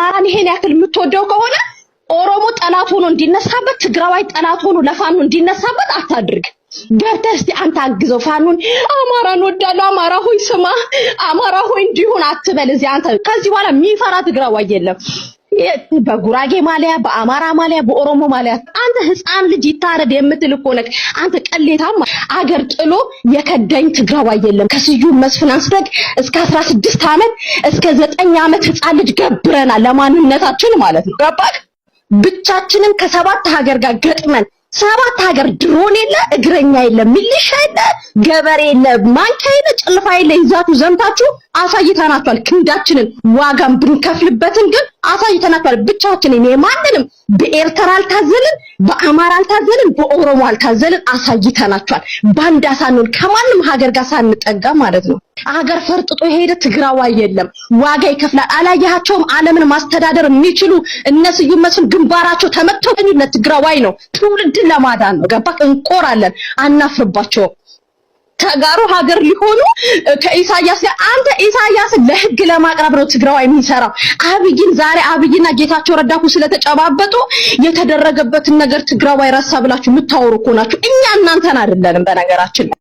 አማራን ይሄን ያክል የምትወደው ከሆነ ኦሮሞ ጠላት ሆኖ እንዲነሳበት፣ ትግራዋይ ጠላት ሆኖ ለፋኑ እንዲነሳበት አታድርግ። ገብተህ እስቲ አንተ አግዘው ፋኖን። አማራን ወዳለሁ አማራ ሆይ ስማ፣ አማራ ሆይ እንዲሆን አትበል። እዚህ አንተ ከዚህ በኋላ የሚፈራ ትግራዋይ የለም። በጉራጌ ማሊያ፣ በአማራ ማሊያ፣ በኦሮሞ ማሊያ አንተ ህፃን ልጅ ይታረድ የምትል እኮ ነህ። አንተ ቀሌታም አገር ጥሎ የከዳኝ ትግራዋ የለም። ከስዩም መስፍን አንስተህ እስከ 16 ዓመት እስከ 9 ዓመት ህፃን ልጅ ገብረናል ለማንነታችን ማለት ነው። ገባህ? ብቻችንን ከሰባት ሀገር ጋር ገጥመን ሰባት ሀገር ድሮን የለ፣ እግረኛ የለ፣ ሚሊሻ የለ፣ ገበሬ የለ፣ ማንኪያ የለ፣ ጭልፋ የለ ይዛችሁ ዘምታችሁ አሳይታናችኋል። ክንዳችንን ዋጋም ብንከፍልበትን ግን አሳይተናቸዋል። እኔ ማንንም በኤርትራ አልታዘልን፣ በአማራ አልታዘልን፣ በኦሮሞ አልታዘልን። አሳይተናቸዋል። ባንዳ ሳንሆን ከማንም ሀገር ጋር ሳንጠጋ ማለት ነው። ሀገር ፈርጥጦ የሄደ ትግራዋይ የለም። ዋጋ ይከፍላል። አላያቸውም? ዓለምን ማስተዳደር የሚችሉ እነ ስዩም መስፍን ግንባራቸው ተመተው ለትግራዋይ ነው። ትውልድን ለማዳን ነው። ገባክ? እንቆራለን፣ አናፍርባቸውም። ተጋሩ ሀገር ሊሆኑ ከኢሳያስ ጋር አንተ ኢሳያስ ለህግ ለማቅረብ ነው ትግራዋ የሚሰራው። አብይን ዛሬ አብይና ጌታቸው ረዳኩ ስለተጨባበጡ የተደረገበትን ነገር ትግራዋ ረሳ ብላችሁ የምታወሩ እኮ ናችሁ። እኛ እናንተን አይደለንም በነገራችን